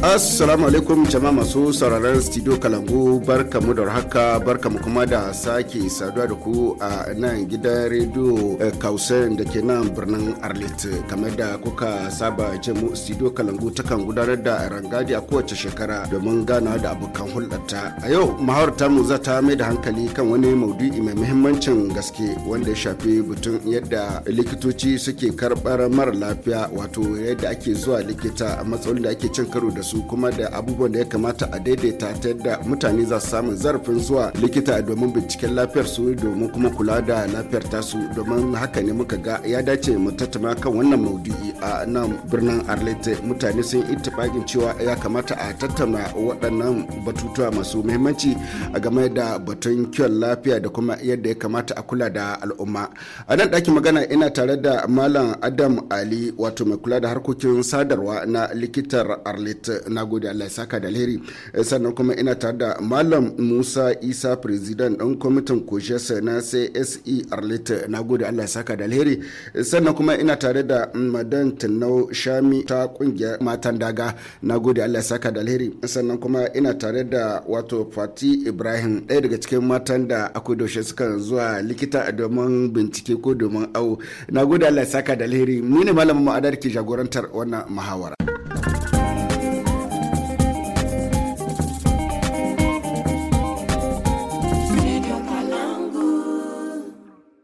Assalamu alaikum jama'a masu sauraron studio Kalangu mu da haka mu kuma da sake saduwa da ku a nan gidan rediyo eh, Kausen da ke nan birnin Arlit kamar da kuka saba mu studio Kalangu ta kan gudanar da rangadi a kowace shekara domin ganawa da abokan hulɗarta. A yau ta mu za ta mai da hankali kan wani maudu'i mai muhimmancin gaske wanda ya shafi butun yadda likitoci suke karɓar mara lafiya wato yadda ake zuwa likita a matsayin da ake cin karo da su kuma da abubuwan da ya kamata a daidaita ta yadda mutane za su samu zarafin zuwa likita domin binciken lafiyar su domin kuma kula da lafiyar tasu domin haka ne muka ga ya dace mu tattauna kan wannan maudu'i a nan birnin arlete mutane sun ittifaƙin cewa ya kamata a tattauna waɗannan batutuwa masu muhimmanci a game da batun kiwon lafiya da kuma yadda ya kamata a kula da al'umma a nan ɗakin magana ina tare da malam adam ali wato mai kula da harkokin sadarwa na likitar arlete na gode Allah ya saka da alheri eh, sannan kuma ina tare da malam musa isa president ɗan kwamitin koshiyarsa na CSE Arlita na gode Allah ya saka da alheri eh, sannan kuma ina tare da madan Tinau Shami ta kungiyar matan daga na gode Allah ya saka da alheri sannan kuma ina tare da wato Fati Ibrahim ɗaya daga cikin matan da akwai daushe suka zuwa likita domin bincike ko domin awo na gode Allah ya saka da alheri ni ne malamin ma'adar ke jagorantar wannan muhawara.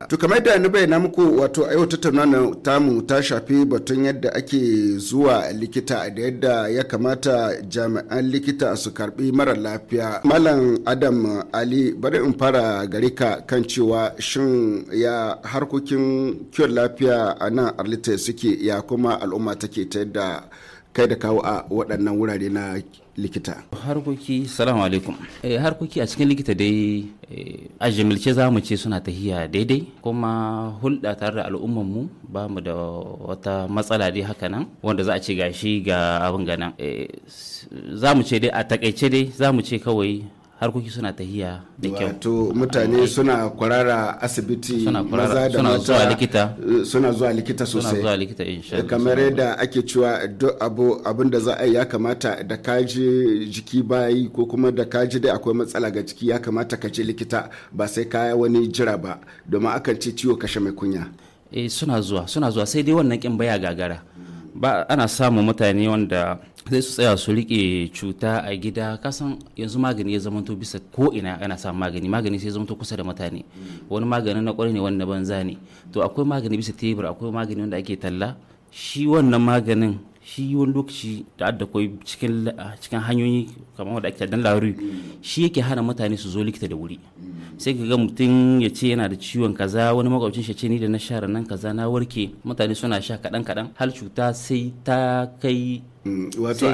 To kamar da ni bayyana muku wato a yau tattaunawa tamu ta shafi batun yadda ake zuwa likita da yadda ya kamata jami'an likita su karbi mara lafiya. Malam Adam Ali bari in fara gare ka kan cewa shin ya harkokin kiwon lafiya a nan Arlita suke ya kuma al'umma take ta yadda kai da kawo a waɗannan wurare na likita harkoki salamu alaikum eh, harkoki a cikin likita dai eh, a jimilce za mu ce suna tahiya daidai kuma hulɗa tare da mu ba mu da wata matsala dai haka nan wanda za a ce gashi ga abin ganan eh, za mu ce dai a takaice dai za mu ce kawai harkoki suna tahiya da kyau wato mutane suna kwarara asibiti maza da mata suna zuwa likita sosai suna zuwa likita insha Allah kamar yadda ake cewa duk abu abin da za a yi ya kamata da kaji jiki bayi ko kuma da kaji dai akwai matsala ga jiki ya kamata ka je likita ba sai ka wani jira ba domin akan ce ciwo kashe mai kunya eh suna zuwa suna zuwa sai dai wannan kin baya gagara ba ana samun mutane wanda zai su tsaya su rike cuta a gida kasan yanzu magani ya zamanto bisa ko ina ana sa magani magani sai zamanto kusa da mutane wani magani na kwarai ne wani na banza ne to akwai magani bisa tebur akwai magani wanda ake talla shi wannan maganin shi wani lokaci da adda koi cikin cikin hanyoyi kamar wanda ake dan laruri shi yake hana mutane su zo likita da wuri sai ka ga mutum ya ce yana da ciwon kaza wani makwabcin shi ce ni da na share nan kaza na warke mutane suna sha kadan kadan hal cuta sai ta kai Mm, wato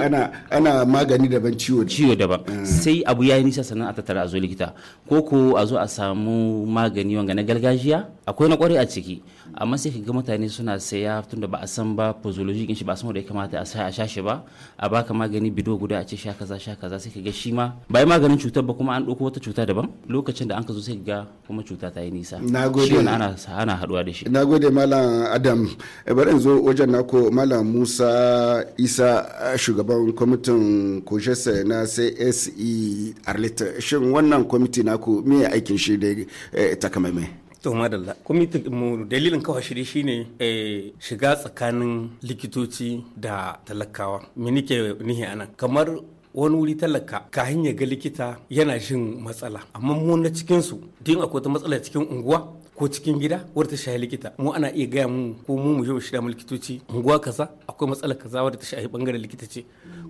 ana magani daban ciwo ciwo daban mm. sai abu ya yi nisa sannan a tattara a zo likita ko ko a zo a samu magani wanga na gargajiya akwai na kwarai a ciki amma sai ga mutane suna saya tunda ba a san ba pozologi din shi ba san wanda ya kamata a sai a sha shi ba a baka magani bido guda a ce sha kaza sha kaza sai ga shi ma bai maganin cutar ba kuma an ɗauko wata cuta daban lokacin da an ka zo sai ga kuma cuta ta yi nisa nagode ana ana haduwa da shi nagode malam adam eh, bari in zo wajen nako malam musa isa eh, shugaban kwamitin kojese na cse arlita shin wannan kwamiti naku me aikin shi da eh, takamaimai To madalla, kwamitin mu dalilin kawo shiri shine eh, shiga tsakanin likitoci da talakawa. Me nike nihi anan? Kamar wani wuri talaka kahin ya ga likita yana jin matsala amma mu na cikinsu din akwai ta matsala cikin unguwa ko cikin gida wadda ta shahi likita mu ana iya gaya mu ko mu mu je shi da mu likitoci unguwa kaza akwai matsala kaza wadda ta shahi bangaren likita ce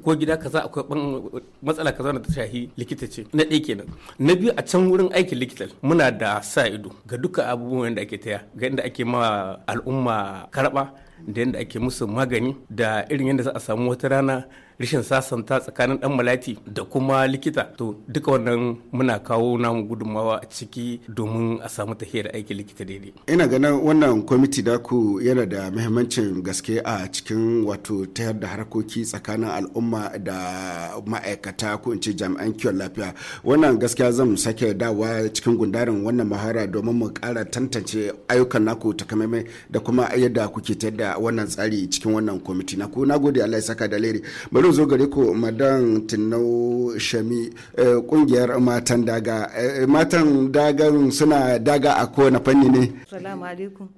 ko gida kaza akwai matsala kaza wadda ta shahi likita ce na ɗaya kenan na biyu a can wurin aikin likita muna da sa ido ga duka abubuwan da ake taya ga inda ake ma al'umma karɓa da yadda ake musu magani da irin yadda za a samu wata rana rashin sasanta tsakanin dan malati da kuma likita to duka wannan muna kawo namu gudunmawa a ciki domin a samu tahiyar aikin likita daidai ina ganin wannan kwamiti da ku yana da muhimmancin gaske a cikin wato tayar da harkoki tsakanin al'umma da ma'aikata ko in ce jami'an kiwon lafiya wannan gaskiya zan sake dawa cikin gundarin wannan mahara domin mu kara tantance ayyukan naku takamaimai da kuma yadda kuke tayar da wannan tsari cikin wannan kwamiti ku na gode Allah ya saka da bari zan zo gare ku madan tinau shami kungiyar eh, matan daga eh, matan dagan suna daga a kowane fanni ne salamu alaikum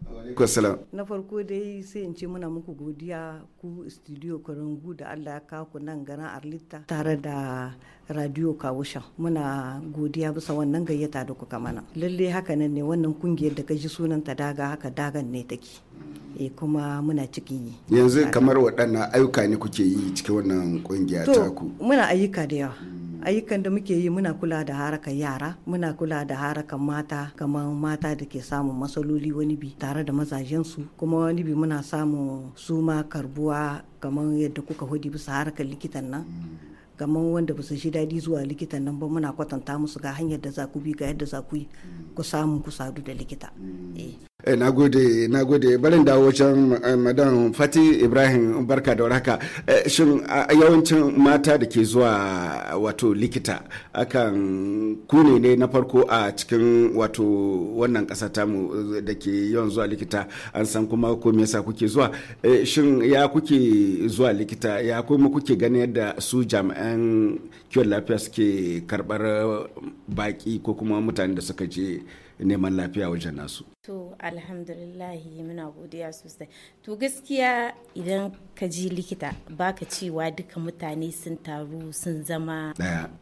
na farko dai sai in ce muna muku godiya ku studio karangu da allah ya kawo nan garin arlita tare da radio kawushan muna godiya bisa wannan gayyata da kuka mana lalle hakanan ne wannan kungiyar da ka ji sunanta daga haka dagan ne take e kuma muna cikin yi yanzu kamar waɗannan ayyuka ne kuke yi cikin wannan kungiya ta ku muna ayyuka da yawa ayyukan da muke yi muna kula da harakan yara muna kula da harakan mata kamar mata da ke samun matsaloli wani bi tare da mazajensu kuma wani bi muna samun suma karbuwa kamar yadda kuka hudu bisa harakan likitan nan kamar wanda ba su shi daɗi zuwa likitan nan ba muna kwatanta musu ga hanyar da za ku bi ga yadda za ku yi ku samu ku sadu da likita mm. eh. Eh, na gode na gode barin da wajen eh, madan fati ibrahim barka da warhaka eh, shin yawancin mata da ke zuwa wato likita akan kune ne na farko a cikin wato wannan ƙasa tamu da ke yawan zuwa likita an san kuma ko me yasa kuke zuwa shin ya kuke zuwa likita ya kuma kuke ganin yadda su jami'an kiwon lafiya suke karɓar baki ko kuma mutane da suka je neman lafiya wajen nasu To alhamdulillahi muna godiya sosai. To gaskiya idan ka ji likita baka cewa duka mutane sun taru sun zama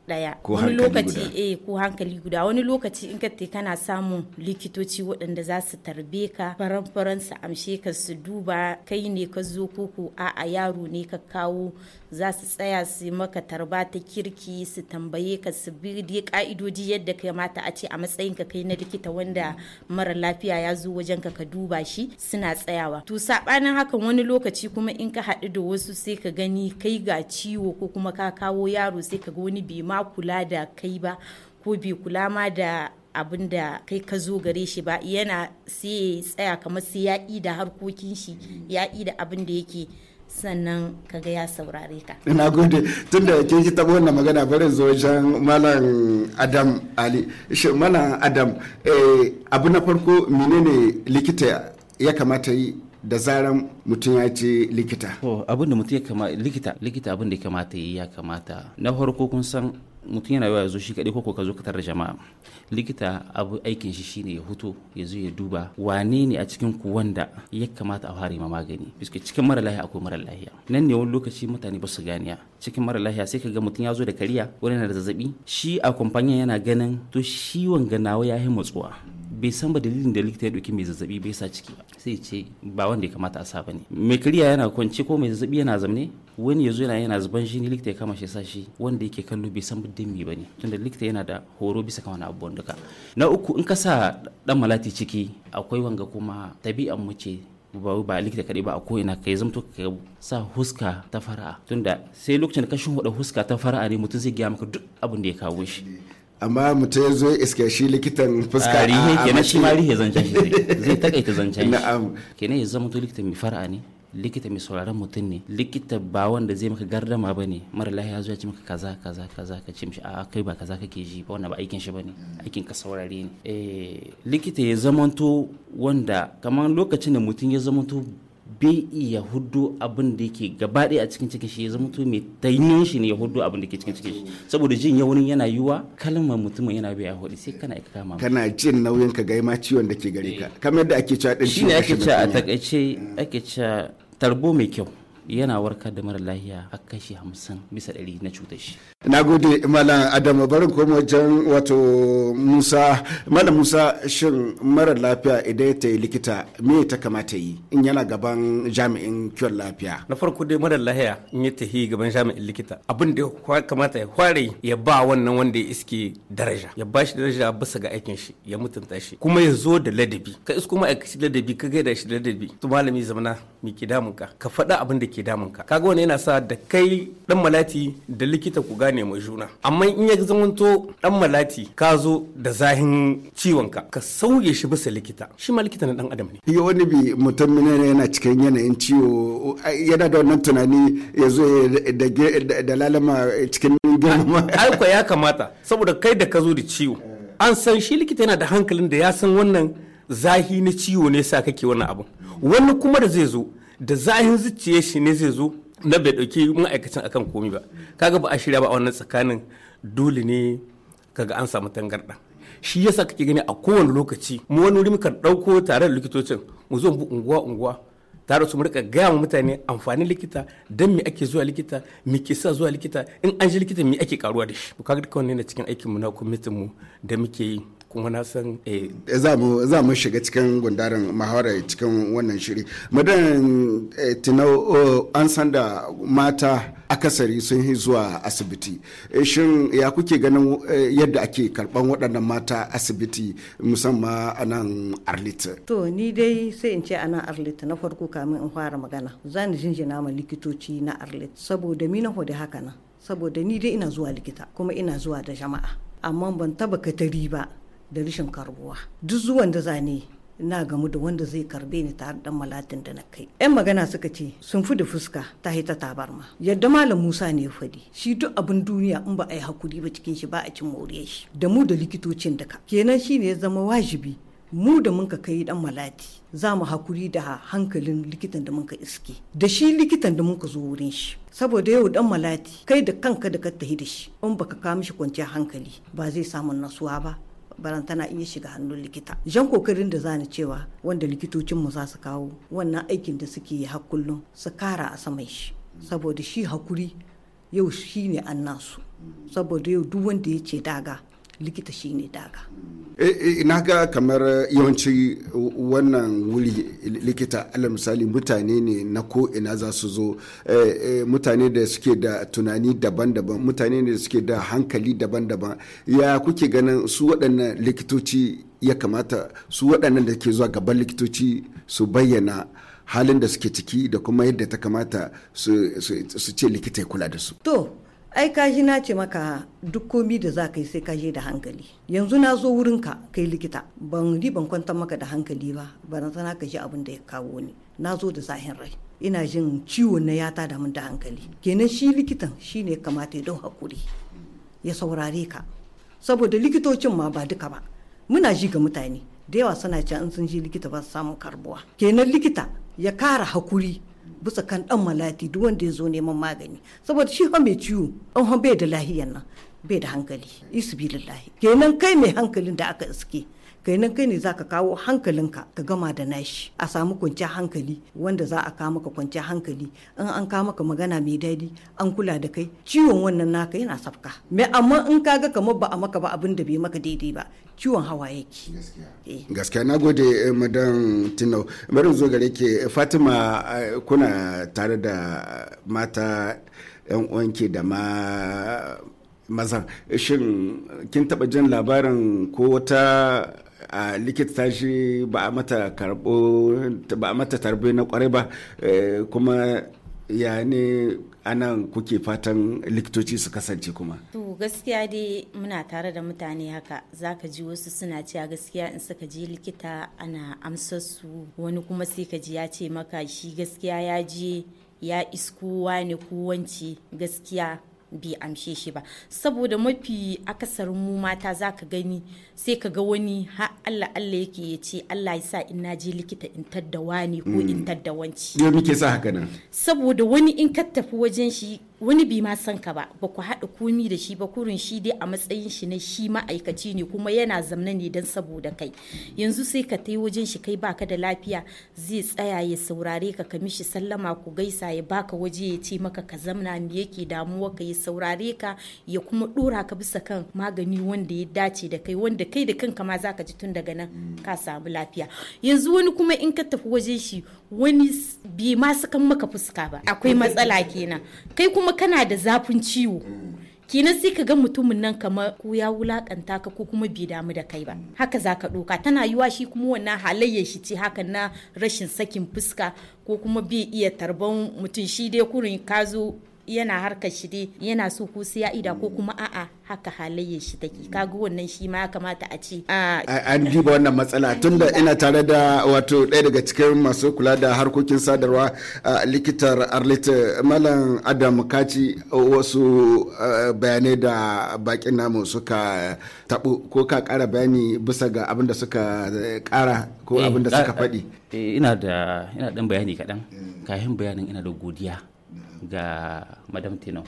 daya. Wani lokaci eh ko hankali guda wani lokaci in ka te kana samun likitoci waɗanda za su tarbe ka faran-faran su amshe ka su duba kai ne ka zo koko a'a yaro ne ka kawo za su tsaya su maka tarba ta kirki su tambaye ka su bi ka'idoji yadda mata a ce a matsayin ka kai na likita wanda mara lafiya lauya ya zo wajen ka ka duba shi suna tsayawa to sabanin hakan wani lokaci kuma in ka haɗu da wasu sai ka gani kai ga ciwo ko kuma ka kawo yaro sai ka ga wani bai ma kula da kai ba ko bai kula ma da abin da kai ka zo gare shi ba yana sai tsaya kamar sai ya da harkokin shi ya da abin da yake sannan kaga ya saurare ka ina gode tun da ke ji taɓa wannan magana bari zo wajen malam adam ali shi malam adam eh, abu na farko menene likita ya kamata yi da zaran mutum ya ce likita. abin da mutum ya kamata likita likita abin da ya kamata yi ya kamata na farko kun san mutum yana yawa ya zo shi kaɗai koko ka zo ka tarar jama'a likita abu aikin shi shine ya huto ya zo ya duba wane ne a cikin ku wanda ya kamata a fara ma magani biske cikin mara lahiya akwai mara lahiya nan ne wani lokaci mutane ba su ganiya cikin mara lahiya sai ka ga mutum ya zo da kariya wani na da zazzabi shi a kwamfanyan yana ganin to shi wanga nawa ya yi matsuwa bai san ba dalilin da likita ya ɗauki mai zazzabi bai sa ciki ba sai ce ba wanda ya kamata a sa ba ne mai kariya yana kwance ko mai zazzabi yana zamne wani zo yana yana zuban shi ne likita ya kama shi sa shi wanda yake kallo bai san dan me ba ne tunda likita yana da horo bisa kan wani abubuwan duka na uku in ka sa dan malati ciki akwai wanga kuma tabi'an mu ce ba ba likita kaɗai ba a ko'ina ka yi zamto ka sa huska ta fara'a tunda sai lokacin da ka shuhuɗa huska ta fara'a ne mutum zai gaya maka duk abin da ya kawo shi amma mutum ya zo ya iske shi likitan fuska a rihe nan shi ma rihe zancen shi zai takaita zancen shi na'am kenan ya zama to likita mai fara'a ne likita mai sauraron mutum ne likita ba wanda zai maka gardama ba ne mara lahiya zuwa ci maka kaza kaza kaza ka ce mishi a kai ba kaza kake ji ba wannan ba aikin shi ba ne aikin ka saurare ne eh, likita ya zamanto wanda kamar lokacin da mutum ya zamanto bai iya hudu abin da yake gabaɗe a cikin cikin shi ya zama to mai tainin shi ne ya hudu abin da ke cikin cikin shi saboda jin yawunin yana yiwa kalmar mutumin yana bai a hudu sai kana kama kana jin nauyin ka ma ciwon da ke gare ka eh. kamar yadda ake cewa din shi ne ake cewa a takaice ake cewa tarbo mai kyau yana warkar da mara lahiya a kashi hamsin bisa ɗari na cutar shi. Na gode Malam Adamu barin koma wajen wato Musa Malam Musa shin mara lafiya idan ta yi likita me ta kamata yi in yana gaban jami'in kiwon lafiya. Na farko dai mara lahiya in ya tafi gaban jami'in likita abin da ya kamata ya kware ya ba wannan wanda ya iske daraja ya ba shi daraja bisa ga aikin shi ya mutunta shi kuma ya zo da ladabi ka isko aikaci ladabi ka gaida shi ladabi to malami zamana mi ki damun ka ka faɗa abin da ke damun ka kaga wani yana sa da kai dan malati da likita ku gane mai juna amma in ya zamanto dan malati ka zo da zahin ciwon ka ka sauye shi bisa likita shi ma likita na dan adam ne ya wani bi mutum ne yana cikin yanayin ciwo yana da wannan tunani ya zo da lalama cikin girma ai ya kamata saboda kai da ka zo da ciwo an san shi likita yana da hankalin da ya san wannan zahi na ciwo ne sa kake wannan abu wani kuma da zai zo da zahin zuciya shi ne zai zo na bai dauki ma'aikacin akan komi ba kaga ba a shirya ba a wannan tsakanin dole ne kaga an samu tangarɗa shi yasa kake gani a kowane lokaci mu wani wuri muka ɗauko tare da likitocin mu zo mu unguwa unguwa tare su mu rika gaya wa mutane amfanin likita dan me ake zuwa likita me ke sa zuwa likita in an je likita me ake karuwa da shi kaga dukkan wannan cikin aikin mu na committee mu da muke yi kuma na san eh, za mu shiga cikin gundarin muhawarar cikin wannan shiri madan eh, tinau oh, an san da mata akasari sun yi zuwa asibiti eh, shin ya kuke ganin yadda ake karban waɗannan mata asibiti musamman a nan arlita to ni dai sai in ce a nan arlita na farko kamin in fara magana zan jinjina ma likitoci na arlita saboda mi na hode haka nan saboda ni dai ina zuwa likita kuma ina zuwa da jama'a amma ban taba katari ba da rashin karbuwa duk zuwan da zane na gamu da wanda zai karbe ni tare da malatin da na kai yan magana suka ce sun fi da fuska ta yi ta tabarma yadda malam musa ne ya fadi shi duk abin duniya in ba a yi hakuri ba cikin shi ba a cin moriyar shi da mu da likitocin daka kenan shi ne ya zama wajibi mu da mun ka kai dan malati za mu hakuri da hankalin likitan da mun ka iske da shi likitan da mun ka zo wurin shi saboda yau dan malati kai da kanka da ka tahi da shi in baka kawo mishi kwanciyar hankali ba zai samu nasuwa ba baran tana iya shiga hannun likita jan kokarin da zani cewa wanda likitocin mu za su kawo wannan aikin da suke yi har kullum su kara a saman shi saboda shi hakuri yau shi ne an nasu saboda yau duk wanda ya ce daga likita shi ne daga ina eh, eh, ga kamar yawanci wannan wuri likita ala misali mutane ne na ko ina za su zo eh, mutane da suke da tunani daban-daban mutane ne da suke da hankali daban-daban ya kuke ganin su waɗannan likitoci ya kamata su waɗannan da ke zuwa gaban likitoci su bayyana halin da suke ciki da kuma yadda ta kamata su ce likita ya kula da su to ai ji na ce maka duk komi da za ka yi sai ka je da hankali yanzu na zo wurin ka kai likita ban ri ban kwantar maka da hankali ba ba ban sana ka ji abin da ya kawo ni na zo da zahin rai ina jin ciwo na yata da mun da hankali kenan shi likitan shi ne kamata ya don hakuri ya saurare ka saboda likitocin ma ba duka ba muna ji ga mutane da yawa suna cewa in sun ji likita ba su samun karbuwa kenan likita ya kara hakuri bisa kan dan malati duk wanda ya zo neman magani saboda shi mai ciwo dan bai da lahiyan nan bai da hankali isu billahi kenan kai mai hankalin da aka iske kai nan kai ne za ka kawo hankalinka ka gama da nashi a samu kwanciyar hankali wanda za a kawo maka kwanciyar hankali in an kawo maka magana mai daɗi an kula da kai ciwon wannan naka yana safka me amma in ka ga kamar ba a maka ba abin da bai maka daidai ba ciwon hawa yake gaskiya eh. na gode eh, madan tinau bari zo gare ke fatima eh, kuna tare da mata yan uwanki da ma maza shin kin taba jin labarin ko wata a likita shi ba a mata karɓo na kwarai ba eh, kuma ya ne anan kuke fatan likitoci su kasance kuma to gaskiya dai muna tare da mutane haka zaka ji wasu suna cewa gaskiya in suka je likita ana amsar su wani kuma sai ka ji ya ce maka shi gaskiya ya je ya isko wane ko gaskiya bai amshe shi ba saboda mafi akasarin mu mata za ka gani sai ka ga wani ha Allah Allah yake ya ce Allah ya sa in na je likita in tadda wani ko in hmm. tadda wanci yau muke sa haka nan saboda wani in ka tafi wajen shi wani bi ma san ka ba ba ku haɗa komi da shi ba kurin shi dai a matsayin shi na shi ma'aikaci ne kuma yana zamna ne don saboda kai yanzu sai ka tai wajen shi kai baka da lafiya zai tsaya ya saurare ka ka mishi sallama ku gaisa ya baka waje ya ce maka ka zamna me yake damuwa ka ya saurare ka ya kuma ɗora ka bisa kan magani wanda ya dace da kai wanda kai da kanka ma zaka ji tun daga nan ka samu lafiya yanzu wani kuma in ka tafi wajen shi wani bi ma maka fuska ba akwai matsala kenan kai kuma kuma kana da zafin ciwo kinan sai ka ga mutumin nan kamar ko ya wulakanta ka ko kuma bai damu da kai ba haka za ka ɗoka tana yiwa shi kuma wannan halayyar shi ce haka na rashin sakin fuska ko kuma bai iya tarban mutum shi dai kurin ka zo yana harkar shi dai yana so ko siya ida ko kuma a'a haka halayyar shi take kaga wannan shi ma ya kamata a ce an diba wannan matsala tunda ina tare da wato ɗaya daga cikin masu kula da harkokin sadarwa likitar arlita malam adam kaci wasu bayanai da bakin namu suka tabu ko ka kara bayani bisa ga abin da suka kara ko eh, abin da suka faɗi eh, ina da ina dan bayani kaɗan kayan bayanin ina da godiya ga madam tinau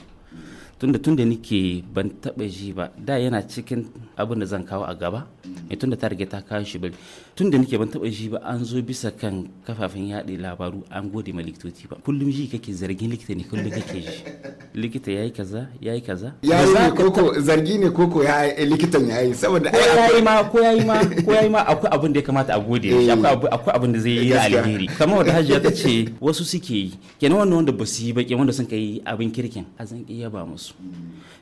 tunda tunda nike ban taba ji ba da yana cikin abin da zan kawo a gaba mai tunda ta rage ta kawo shi bari tunda nike ban taba ji ba an zo bisa kan kafafen yaɗa labaru an gode ma likitoci ba kullum ji kake zargin likita ne kullum kake ji likita ya yi kaza ya yi kaza ya yi koko zargi ne koko ya eh, likitan ya yi saboda ko ya yi ma ko ya yi ma ko ya yi ma akwai abin da ya kamata a gode shi eh. akwai abin da zai yi a alheri kamar wata hajiya ta ce wasu suke yi kenan wannan wanda ba su yi baki wanda sun kai abin kirkin a zan iya ba musu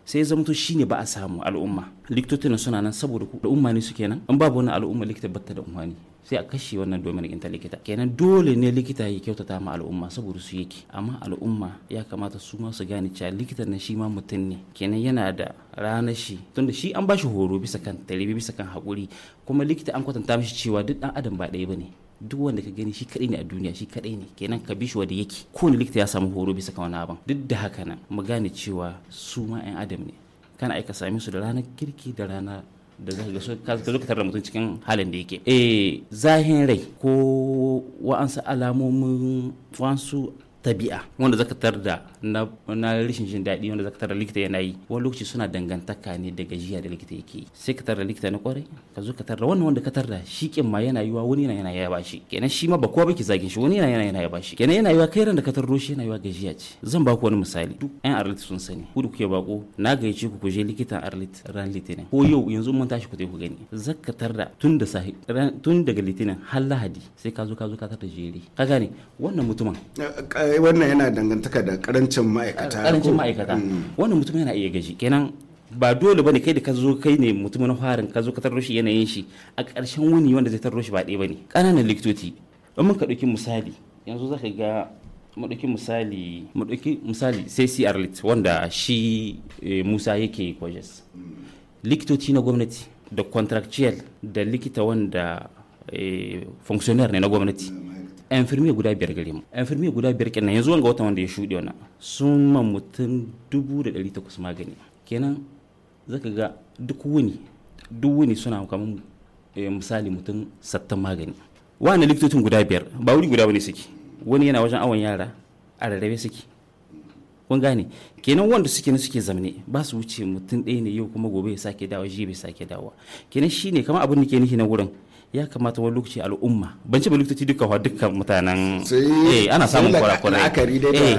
sai to shine ba a samu al'umma likitotin suna nan saboda umma ne suke nan. in babu wani al'umma likita batta da ne sai a kashe wannan domin na likita kenan dole ne likita ya kyautata ma al'umma saboda su yake amma al'umma ya kamata su ma su gane cewa likitan na shi ma mutum ne kenan yana da ranar shi tunda shi an bashi horo bisa kan talibi bisa kan haƙuri kuma likita an kwatanta mishi cewa duk ɗan adam ba ɗaya ba ne duk wanda ka gani shi kadai ne a duniya shi kadai ne kenan ka bi shi wanda yake kowane likita ya samu horo bisa kan wani abin duk da haka nan mu gane cewa su ma 'yan adam ne kana aika same su da ranar kirki da ranar da su ka zo ka mutum cikin halin da yake eh zahin rai ko wa'ansu alamomin wa'ansu tabi'a wanda zaka tar da na rashin jin daɗi wanda zaka tar da likita yana yi wani lokaci suna dangantaka ne da gajiya da likita yake sai ka tar da likita na kwarai ka zo ka tar da wannan wanda ka tar da shi kin ma yana yiwa wani yana yana ba shi kenan shi ma ba kowa baki zagin shi wani yana yana yana ba shi kenan yana yiwa kai ran da ka tarro shi yana yiwa gajiya ce zan baku wani misali duk ɗan arlit sun sani ku da kuke bako na gayyace ku ku je likitan arlit ran litinin ko yau yanzu mun tashi ku tai ku gani zaka tar da tun da sahi tun daga litinin har lahadi sai ka zo ka zo ka tar da jere ka gane wannan mutumin eh, eh, wannan yana dangantaka da karancin ma'aikata karancin ma'aikata mm. wannan mutum yana iya gaji kenan ba dole bane kai da ka zo kai ne mutumin farin ka zo ka tarro shi yanayin shi a ƙarshen wuni wanda zai tarro shi ba ɗaya bane ƙananan likitoci mun ka ɗauki misali yanzu zaka ga mu misali mu ɗauki misali sai CR lit wanda shi eh, Musa yake kojes mm. likitoci na gwamnati da contractual da likita wanda eh, functionnaire ne na gwamnati mm. infirmiya guda biyar gare mu infirmiya guda biyar kenan yanzu wanga wata wanda ya shuɗe wannan sun ma mutum dubu da ɗari takwas magani kenan zaka ga duk wuni duk wuni suna kamar eh, misali mutum sattan magani wani likitocin guda biyar ba wuri guda wani suke wani yana wajen awon yara a rarrabe suke kun gane kenan wanda suke na suke zamne ba su wuce mutum ɗaya ne yau kuma gobe ya sake dawo jiya bai sake dawo kenan shine kamar abin da ke nihi na wurin ya kamata wani lokaci al'umma ban ce ba lokaci duka wa dukkan mutanen eh ana samun kwarakwarai eh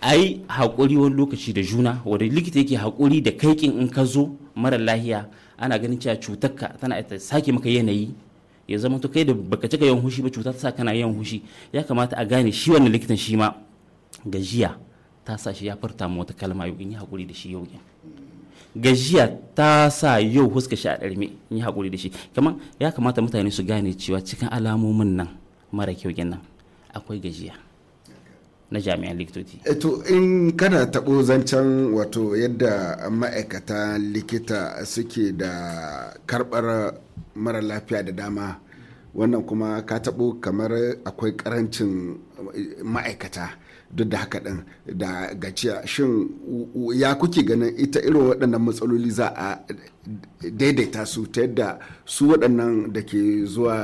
ai hakuri wani lokaci da juna wanda likita yake hakuri da kaikin in ka zo mara lahiya ana ganin cewa cutarka tana sake maka yanayi ya zama to kai da baka cika yawan hushi ba cuta ta sa kana yawan hushi ya kamata a gane shi wannan likitan shi ma gajiya ta sa shi ya farta mota wata kalma yau in yi hakuri da shi yau gajiya ta sa yau huska shi a ɗarme in yi haƙuri da shi kamar ya kamata mutane su gane cewa cikin alamomin nan mara kyau kenan akwai gajiya na jami'an likitoci. eto eh, in kana taɓo zancen wato yadda ma'aikata likita suke da karɓar mara lafiya da dama wannan kuma ka taɓo kamar akwai ƙarancin ma'aikata duk da haka ɗin da gaciya shin ya kuke ganin ita irin waɗannan matsaloli za a daidaita su ta yadda su waɗannan da ke zuwa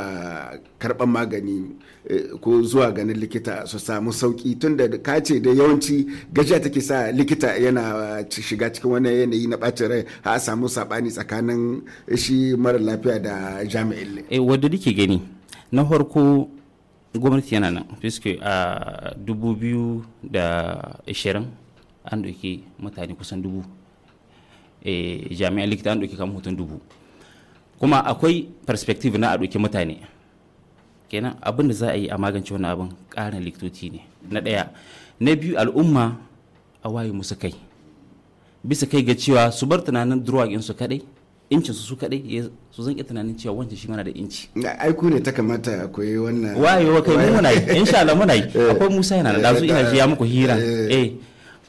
karɓar magani eh, ko zuwa ganin likita su samu sauƙi tun da ka ce da yawanci gajiya take sa likita yana shiga cikin wani yanayi na ɓacin rai a samu saɓani tsakanin shi mara lafiya da jami'in. Eh, wadda nake gani na farko gwamnati yana nan fiske a 2020 an doke mutane kusan dubu eh, jami'an likita an doke kamar hoton dubu kuma akwai perspective na a doke mutane kenan abin da za a yi a magance wani abin karin likitoci ne na ɗaya na biyu al'umma a waye musu kai bisa kai ga cewa su bar tunanin drug su kadai. incin su su kadai su zan iya tunanin cewa wancan shi mana da inci ai ku ne ta kamata akwai wannan wayewa kai mu muna yi insha Allah muna yi eh. akwai Musa yana da su ina ji ya muku hira eh. eh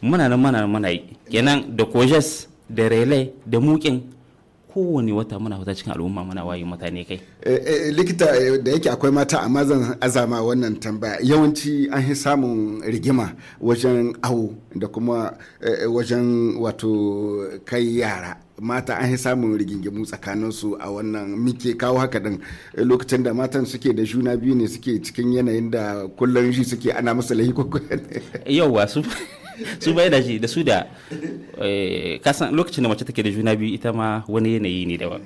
muna nan muna nan muna yi kenan da kojas da relay da mukin kowane wata muna fita cikin al'umma muna waye mutane kai eh, likita da yake akwai mata amma zan azama wannan tambaya yawanci an yi samun rigima wajen awo da kuma wajen wato kai yara mata an yi samun rigingimu tsakanin su a wannan muke kawo haka din lokacin da matan suke da juna biyu ne suke cikin yanayin da kullum shi suke ana masa lahi yauwa su su bai da da su da eh, kasan lokacin da mace take da juna biyu ita ma wani yanayi ne daban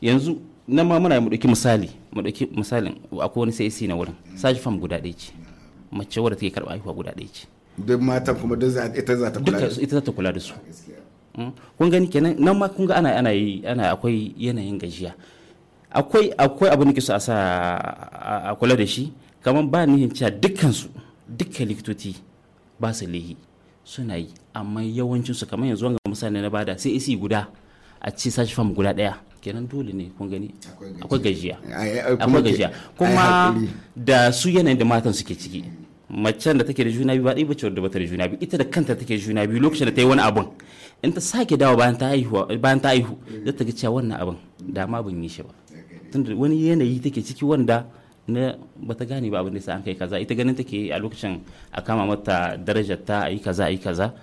yanzu nan ma muna mu dauki misali mu dauki misalin akwai wani sai na wurin sashi fam guda ɗaya ce mace wadda take karba haihuwa guda ɗaya ce duk matan kuma duk ita za ta kula da su ita za ta kula da su Mm. kun gani kenan nan ma kun ga ana ana ana akwai yanayin gajiya akwai akwai abin da ke so a sa a kula da shi kamar ba nihin cewa dukkansu dukkan likitoci ba su lehi suna yi amma yawancinsu kamar yanzu wanga misali na bada sai isi guda a ci sashi fam guda daya kenan dole ne kun gani akwai gajiya akwai gajiya kuma da su yanayin da matan suke ciki macen da take da juna biyu ba ɗaya bace da bata da juna biyu ita da kanta take juna biyu lokacin da ta yi wani abun in ta sake dawo bayan ta haihu bayan ta haihu za ta ga cewa wannan abin da ma ban yi shi ba tunda wani yanayi take ciki wanda na ba ta gane ba abin da an kai kaza ita ganin take a lokacin a kama mata darajar ta ayi kaza ayi kaza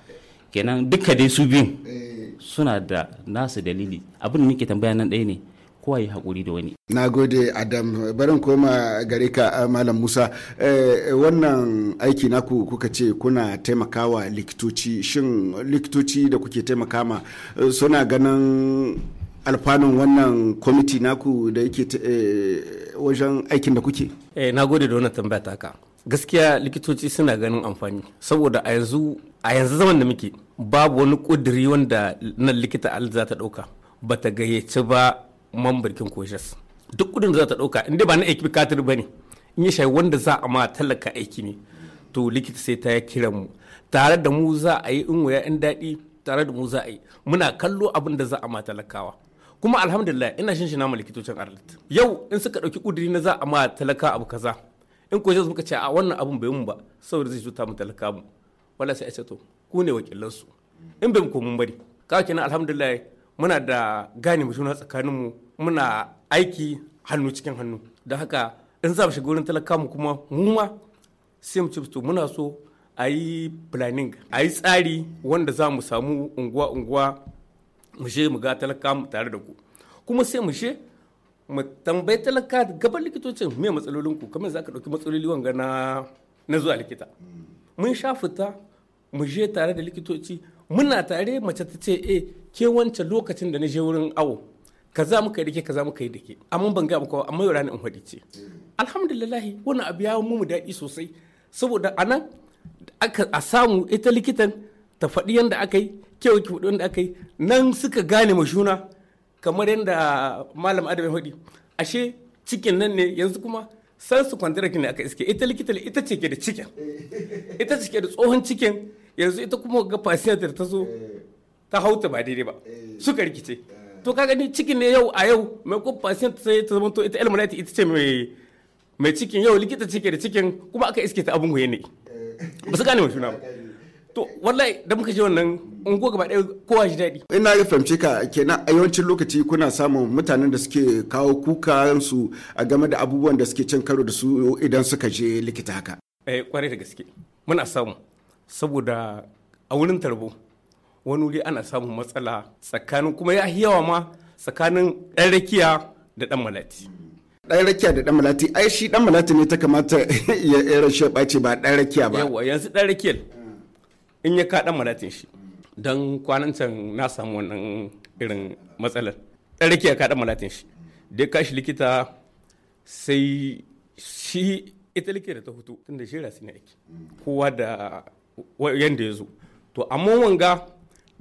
kenan duka dai su biyun eh. suna da nasu dalili abin da nake tambaya nan ɗaya ne kowa haƙuri da wani. na gode adam barin koma gare ka eh, malam musa eh, wannan aiki naku kuka ce kuna taimakawa likitoci shin likitoci da kuke taimakama eh, suna ganin alfanun wannan kwamiti naku da yake wajen aikin da kuke na gode da wannan tambaya taka gaskiya likitoci suna ganin amfani saboda a yanzu a yanzu zaman da muke babu wani ƙudiri wanda nan likita al ta ɗauka ta gayyaci ba mambarkin koshas duk kudin da za ta dauka in dai ba na aiki katir ba ne in ya shayi wanda za a ma talaka aiki ne to likita sai ta ya kira mu tare da mu za a yi in wuya in daɗi tare da mu za a yi muna kallo abin da za a ma talakawa kuma alhamdulillah ina shin shina ma likitocin arlit yau in suka ɗauki kudiri na za a ma talaka abu kaza in koshas muka ce a wannan abun bai mu ba saboda zai ta mu talaka mu wala sai a ce to ku ne wakilansu in bai mu komun bari kawai kenan alhamdulillah muna da gane mu juna tsakaninmu muna aiki hannu cikin hannu da haka in za mu shiga wurin talaka kuma mu ma sai mu ci muna so a yi planning a yi tsari wanda za mu samu unguwa unguwa mu je mu ga talaka tare da ku kuma sai mu je mu tambayi talaka gaban likitocin me matsalolin ku kamar za ka ɗauki matsaloli wanga na na zuwa likita mun sha fita mu je tare da likitoci muna tare mace ta ce eh ke wancan lokacin da na je wurin awo ka za muka yi dake za muka yi dake amma ban ga muku amma yau ranar in hadi ce alhamdulillah wannan abu ya mu daɗi sosai saboda anan aka a samu ita likitan ta faɗi yadda aka yi kyau ki faɗi yadda aka yi nan suka gane ma juna kamar yadda malam adam ya faɗi ashe cikin nan ne yanzu kuma san su kwantar ne aka iske ita likitan ita ce ke da cikin ita ce ke da tsohon cikin yanzu ita kuma ga fasiyar ta zo eh. ta hauta ba daidai ba eh. suka rikice eh. to ka gani cikin ne yau a yau mai ko patient sai ta zama to ita almarati ita ce mai mai cikin yau likita cike da cikin kuma aka iske ta abun goye ne eh. ba su gane mai ba to wallahi da muka je wannan ko gaba ɗaya kowa shi daɗi. ina ya fahimce ka kenan a yawancin lokaci kuna samun mutanen da suke kawo kukansu a game da abubuwan da suke cin karo da su idan suka je likita haka. eh kwarai da gaske muna samu saboda a wurin tarbo wani wuri ana samun matsala tsakanin kuma ya yawa ma tsakanin ɗan rakiya da ɗan malati ɗan rakiya da ɗan malati ai shi ɗan malati ne ta kamata ya era shi ɓace ba ɗan rakiya ba yawa yanzu ɗan rakiyar in ya ka ɗan malatin shi don kwanan can na samu wannan irin matsalar ɗan rakiya ka ɗan malatin shi da ka shi likita sai shi ita likita da ta hutu tunda shi rasu ne ake kowa da yanda ya zo to amma wanga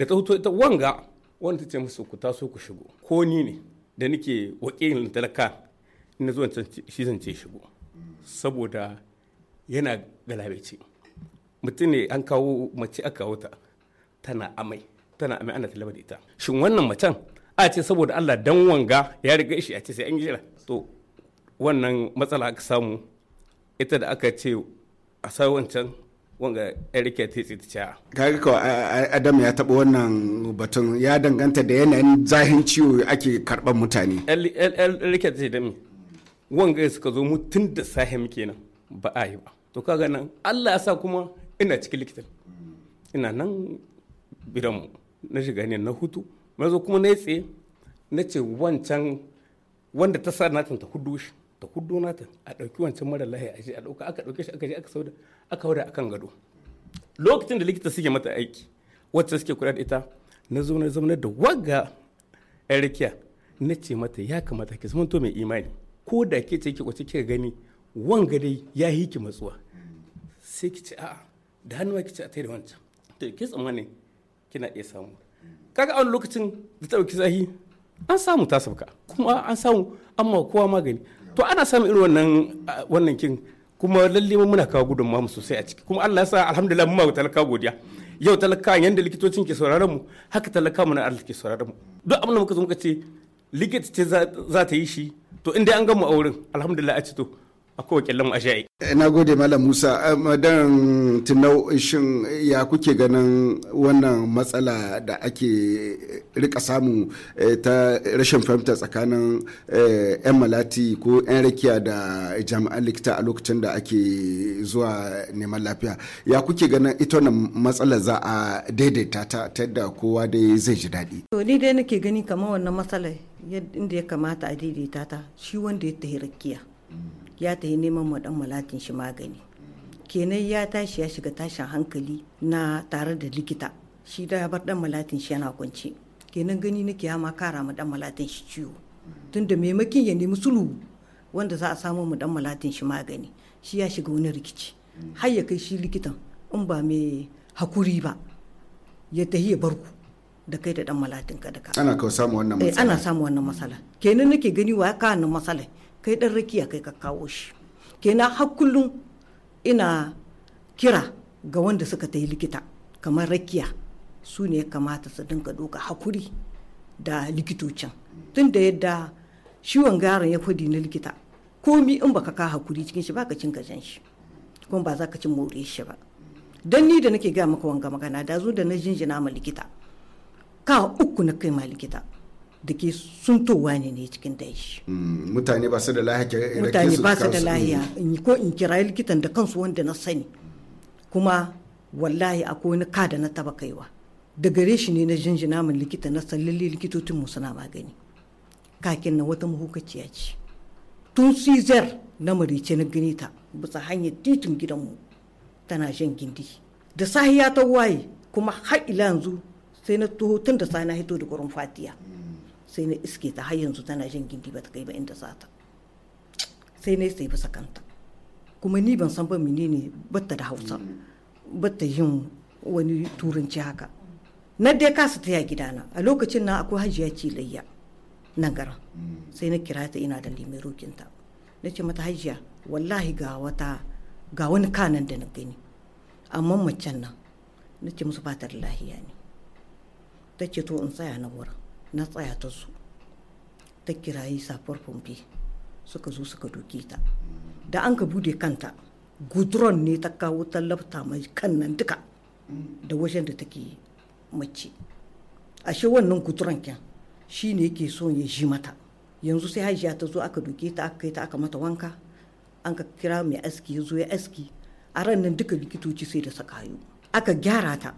da ta huto ita wanga wanda ta ce musu ku taso ku shigo ko ni ne da nake wakilin talaka na zuwa shi ce shigo saboda yana galabaici mutum ne an kawo mace aka kawo tana amai tana amai ana talaba da ita shin wannan macen a ce saboda Allah dan wanga ya riga shi a ce sai an jira to wannan matsala aka samu ita da aka ce a sai wancan wanga erike titsitsya kaga ko adam ya taɓa wannan batun ya danganta da yanayin zahin ciwo ake karɓar mutane erike titsitsim wanga suka zo mu tun da muke kenan ba a yi ba to kaga nan allah ya sa kuma ina cikin likitan ina nan mu na shiga ne na hutu mazo kuma na tsaye na ce wancan wanda ta sa na ta hudu shi Da kuddo nata a ɗauki wancan mara lahiya a je a ɗauka aka ɗauke shi aka je aka sauda aka a akan gado lokacin da likita suke mata aiki wacce suke kula da ita na zo na zama da wagga yan na ce mata ya kamata ki zama to mai imani ko da ke ce ki kwace ki kika gani wanga dai ya yi ki matsuwa sai ki ce a'a da hannuwa ki ce a tai da wancan to ki tsammani kina iya samu kaga a lokacin da ta ɗauki zahi an samu ta sauka kuma an samu amma kowa magani to ana samun irin wannan wannan kin kuma lalle mun muna kawo gudunmawa sosai a ciki kuma Allah ya sa alhamdulillah mun ma talaka godiya yau talaka yanda likitocin ke sauraron mu haka talaka mu na Allah ke sauraron mu duk abin da muka zo muka ce likita ce za ta yi shi to in dai an ga mu a wurin alhamdulillah a ci to a wakilan mu a na gode malam musa eh, madan tunau shin ya kuke ganin wannan matsala da ake rika samu eh, ta rashin fahimta tsakanin 'yan eh, malati ko 'yan rakiya da jami'an likita a lokacin da ake zuwa neman lafiya ya kuke ganin ita wannan matsala za a daidaita ta ta yadda kowa dai zai ji daɗi. to ni dai nake gani kamar wannan matsalar yadda ya kamata a daidaita ta shi wanda ya tahi rakiya. Mm. ya tafi neman ma dan malatin shi magani kenan ya tashi ya shiga tashin hankali na tare da likita shi da ya bar dan malatin shi yana kwance kenan gani nake ya ma kara ma dan malatin shi ciwo tunda maimakin ya nemi sulhu wanda za a samu mu dan malatin shi magani shi ya shiga wani rikici har ya kai shi likitan in ba mai hakuri ba ya tahi ya barku da kai da dan malatin ka da ka ana samu wannan eh, matsala ana samu wannan matsala kenan nake gani wa ka wannan matsala kai dan rakiya kai ka kawo shi kenan har kullum ina kira ga wanda suka ta yi likita kamar rakiya su ne kamata su dinka doka hakuri da likitocin tun da yadda ciwon garin ya fadi na likita komi in baka ka hakuri cikin shi baka cin gajen shi kuma ba za ka cin more shi ba dan ni da nake ga maka wanga magana da zo da na jinjina ma likita ka uku na kai ma likita da ke sun towa ne ne cikin daishi. Mm, mutane ba su da lahiya mutane ba su da lahiya mm. ko in kira likitan da kansu wanda na sani kuma wallahi akwai wani kada na taba kaiwa da gare shi ne na jinjina min likita na san likitocin mu suna magani kakin na wata mahukaciya ce tun sizar na marice na gani ta bisa hanyar titin gidanmu tana shan gindi da sahiya ta waye kuma har ila yanzu sai na tuhotun tun da sana hito da gurin fatiya mm. sai na iske ta har yanzu tana jin gindi ba ta kai ba inda za ta sai na sai bisa kanta kuma ni ban san ba menene batta da hausa batta yin wani turanci haka na dai kasa ya gidana a lokacin na akwai hajiya cilayya nan gara sai na kira ta ina da limerokinta na ce mata hajiya wallahi ga wata ga wani kanan da na gani amma macen nan na ce musu ba da lahiya ne ta ce to in tsaya na wurin na tsaya ta su ta kirayi safar fomfe suka zo suka doke ta da an ka bude kanta gudron ne ta kawo tallafta mai kan nan duka da wajen da take mace ashe wannan gudron kyan shi ne yake so ya ji mata yanzu sai hajiya ta zo aka doke ta aka kai ta aka mata wanka an ka kira mai aski ya zo ya aski a ran duka likitoci sai da sakayo aka gyara ta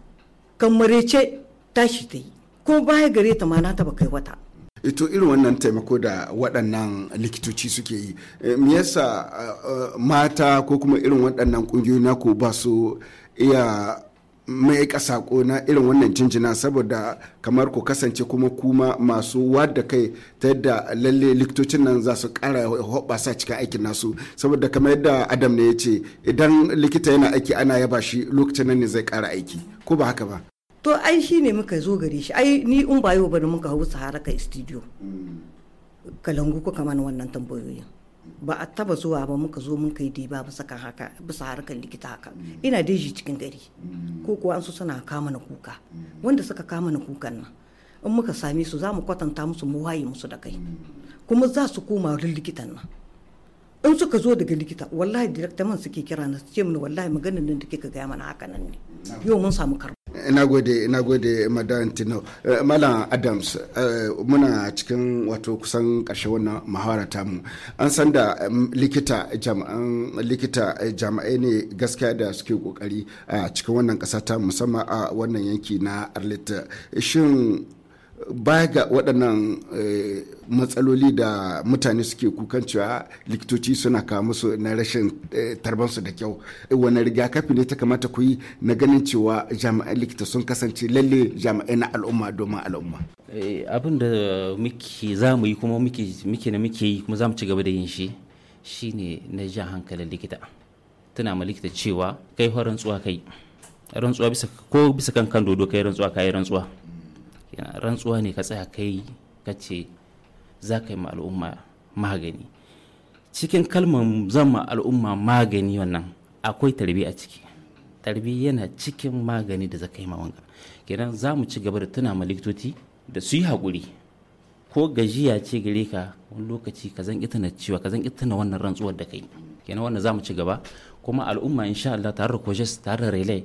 kan ce tashi ta yi ko baya gare ta ma na taba kai wata ito eh, irin wannan taimako da waɗannan likitoci suke yi eh, me yasa eh, mata ko kuma irin waɗannan ƙungiyoyi na ko ba su iya mai sako na irin wannan jinjina saboda kamar ku kasance kuma kuma masu wadda kai ta yadda lalle likitocin nan za su kara hoɓasa cikin aikin nasu saboda kamar yadda adam ne ya ce idan likita yana aiki ana yaba shi lokacin nan ne zai ƙara aiki ko ba haka ba to ai shi ne muka zo gare shi ai ni in ba yau bane muka hau sahara ka studio kalangu ko kaman wannan tambayoyin ba a taba zuwa ba muka zo mun kai ba ba saka haka bisa harkar likita haka ina daji cikin gari ko kuwa an su suna kama na kuka wanda suka kama na kukan nan in muka same su za mu kwatanta musu mu waye musu da kai kuma za su koma wurin likitan nan in suka zo daga likita wallahi direktaman suke kira na su ce mini wallahi maganin nan da kika gaya mana haka nan ne yau mun samu karɓa ina gode ina gode madan tino eh, malam adams eh, muna cikin wato kusan karshe wannan muhawara mu an san da likita jama'an eh, jama'ai ne gaskiya da suke kokari a cikin wannan kasa ta musamman a wannan yanki na arlita shin baya ga waɗannan eh, matsaloli da mutane suke kukan cewa likitoci suna kawo musu na rashin eh, tarbansu da kyau wani rigakafi ne ta kamata ku yi na ganin cewa jami'an likita sun kasance lalle jami'ai na al'umma domin al'umma eh, abin da muke za mu yi kuma muke na muke yi kuma za mu ci gaba da yin shi shine na jan hankalin likita tuna ma likita cewa kai rantsuwa kai rantsuwa bisa ko bisa kan kan dodo kai rantsuwa kai rantsuwa Yana rantsuwa ne ka tsaya kai ka ce za ka yi ma al'umma magani cikin kalmar zama al'umma magani wannan akwai tarbi a ciki tarbi yana cikin magani da za ka yi ma wanga kenan za mu ci gaba da tuna ma likitoci da su yi haƙuri ko gajiya ce gare ka wani lokaci ka zan itana cewa ka zan itana wannan rantsuwar da kai kenan wannan za mu ci gaba kuma al'umma insha Allah tare da kojes tare da relay